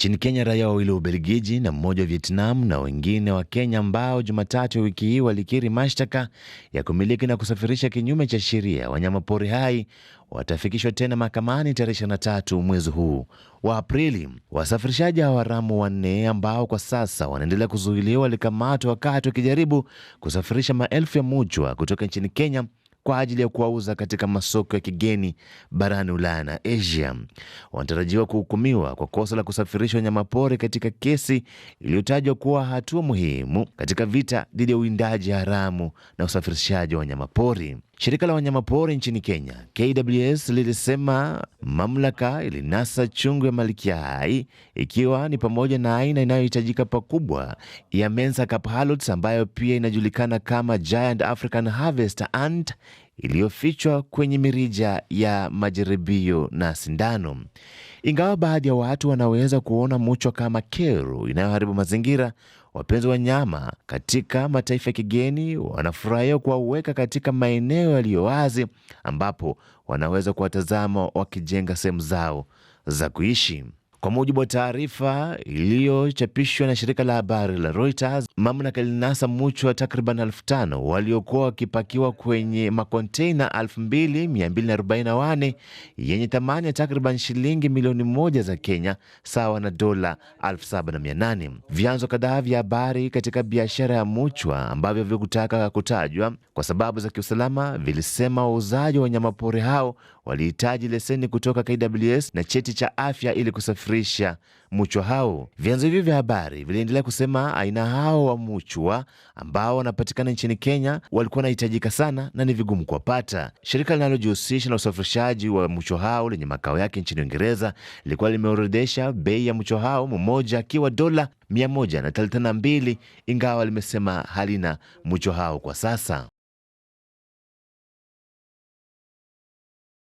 Nchini Kenya, raia wawili wa Ubelgiji na mmoja wa Vietnam na wengine wa Kenya ambao Jumatatu ya wiki hii walikiri mashtaka ya kumiliki na kusafirisha kinyume cha sheria wanyama pori hai watafikishwa tena mahakamani tarehe 23 mwezi huu wa Aprili. Wasafirishaji hawa haramu wanne ambao kwa sasa wanaendelea kuzuiliwa walikamatwa wakati wakijaribu kusafirisha maelfu ya muchwa kutoka nchini Kenya kwa ajili ya kuwauza katika masoko ya kigeni barani Ulaya na Asia wanatarajiwa kuhukumiwa kwa kosa la kusafirisha wanyamapori katika kesi iliyotajwa kuwa hatua muhimu katika vita dhidi ya uwindaji haramu na usafirishaji wa wanyamapori. Shirika la wanyamapori nchini Kenya KWS lilisema mamlaka ilinasa chungu ya malkia hai ikiwa ni pamoja na aina inayohitajika pakubwa ya Mensa Caphalot ambayo pia inajulikana kama Giant African Harvester Ant iliyofichwa kwenye mirija ya majaribio na sindano. Ingawa baadhi ya watu wanaweza kuona muchwa kama kero inayoharibu mazingira, wapenzi wa nyama katika mataifa ya kigeni wanafurahia kuwaweka katika maeneo yaliyo wazi ambapo wanaweza kuwatazama wakijenga sehemu zao za kuishi. Kwa mujibu wa taarifa iliyochapishwa na shirika la habari la Reuters, mamlaka ilinasa mwicho wa takriban elfu tano waliokuwa wakipakiwa kwenye makonteina 2244 yenye thamani ya takriban shilingi milioni moja za Kenya, sawa na dola 7800. Vyanzo kadhaa vya habari katika biashara ya muchwa ambavyo vikutaka kutajwa kwa sababu za kiusalama vilisema wauzaji wa wanyamapori hao walihitaji leseni kutoka KWS na cheti cha afya ili kusafirisha muchwa hao. Vyanzo hivyo vya habari viliendelea kusema aina hao wa muchwa ambao wanapatikana nchini Kenya walikuwa wanahitajika sana na ni vigumu kuwapata. Shirika linalojihusisha na usafirishaji wa muchwa hao lenye makao yake nchini Uingereza lilikuwa limeorodhesha bei ya muchwa hao mmoja akiwa dola 132 ingawa limesema halina muchwa hao kwa sasa.